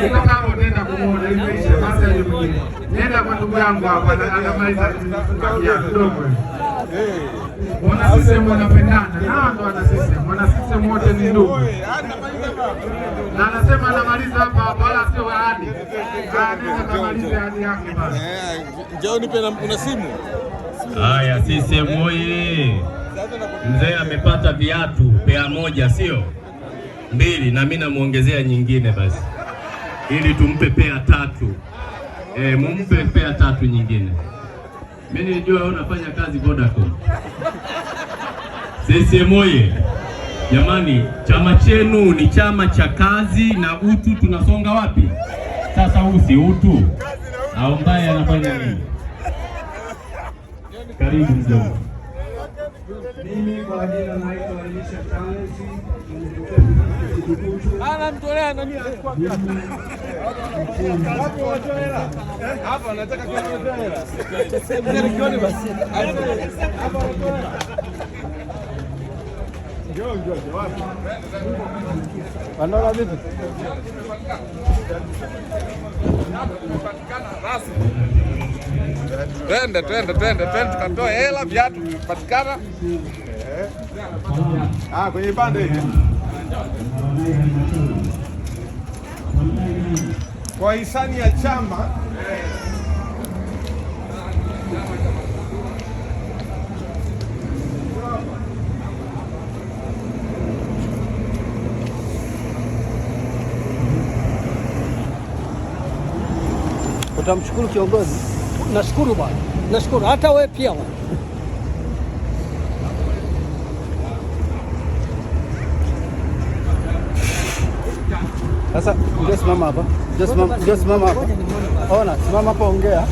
Kila kama utaenda kumuona hivi mwingine. Nenda kwa ndugu yangu hapa anamaliza kidogo. Mwana ndo Mwana wote ni ndugu. Na anasema anamaliza hapa wala sio yake basi. Njoo nipe una simu. Haya, CCM moye. Mzee amepata viatu pea moja, sio mbili, na mimi namuongezea nyingine basi ili tumpe pea tatu. E, mumpe pea tatu nyingine. Mimi nilijua wewe unafanya kazi Vodacom. CCM oye! Jamani, chama chenu ni chama cha kazi na utu. Tunasonga wapi sasa? Huu si utu au mbaye anafanya nini? Karibu mdogo. Mimi kwa jina naitwa Elisha Tanzi anamtolea nani? Hapa vipi? Twende, twende, twende, twende tukatoe hela, viatu vimepatikana ah, kwenye pande hii kwa hisani ya chama utamshukuru kiongozi. Nashukuru bwana, nashukuru hata wewe pia bwana. Sasa ndio simama hapa, ndio simama hapa, ona, simama hapa, ongea.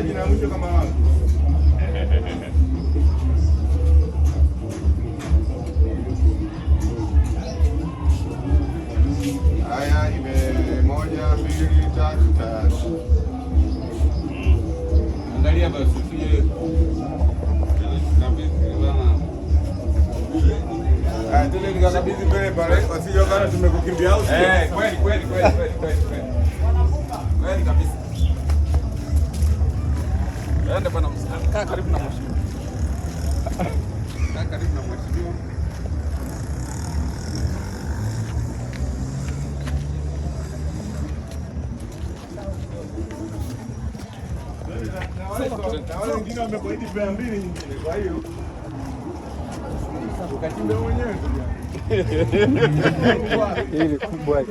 Unaona jina mwisho kama wapi? Haya, ime moja, mbili, tatu, tatu. Angalia basi usije Tende nikakabidhi mbele pale, wasije wakana tumekukimbia au sio? Eh, kweli kweli kweli kweli kweli. Kweli kabisa. Ende bwana, kaa karibu na mheshimiwa. Kaa karibu na mheshimiwa. Wale wengine wamekodi mia mbili nyingine, kwa hiyo ukachimbe mwenyewe hili kubwa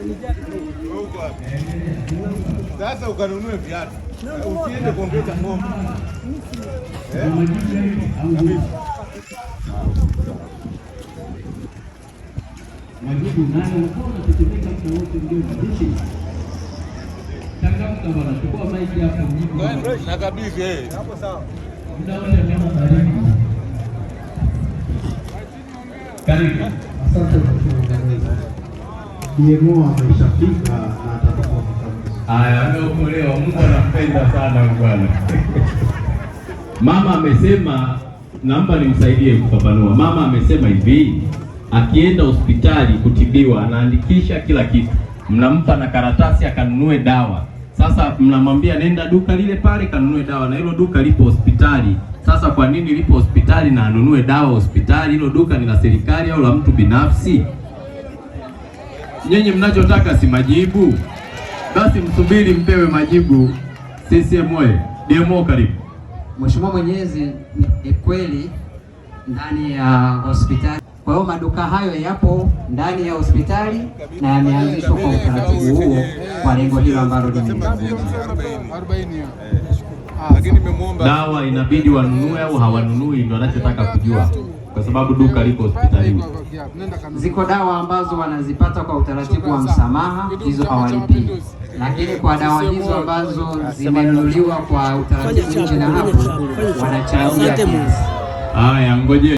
Sasa ukanunue viatu eh, usiende kuongeza ng'ombe. Majibu nayo tetemeka muda wote, ndio mabishi. Changamka bwana, chukua maji hapo, mjibu nakabidhi. Eh, hapo sawa, muda wote ndio mabishi. Karibu. Asante kwa kuungana nasi. Diego ameshafika. Haya, ameokolewa. Mungu anampenda sana bwana. Mama amesema, naomba nimsaidie kufafanua. Mama amesema hivi, akienda hospitali kutibiwa anaandikisha kila kitu, mnampa na karatasi akanunue dawa. Sasa mnamwambia nenda duka lile pale kanunue dawa, na hilo duka lipo hospitali. Sasa kwa nini lipo hospitali na anunue dawa hospitali? Hilo duka ni la serikali au la mtu binafsi? Nyinyi mnachotaka si majibu. Basi msubiri mpewe majibu. CCM oye! Demo karibu. Mheshimiwa Mwenyezi, ni kweli ndani ya hospitali. Kwa hiyo maduka hayo yapo ndani ya hospitali na yameanzishwa kwa utaratibu huo kwa lengo hilo ambalo limeelezwa. Dawa inabidi wanunue au hawanunui, ndio anachotaka kujua kwa sababu duka liko hospitalini. Ziko dawa ambazo wanazipata kwa utaratibu wa msamaha, hizo hawalipi, lakini kwa dawa hizo ambazo zimenunuliwa kwa utaratibu nje na hapo wanachangia Haya, ngoje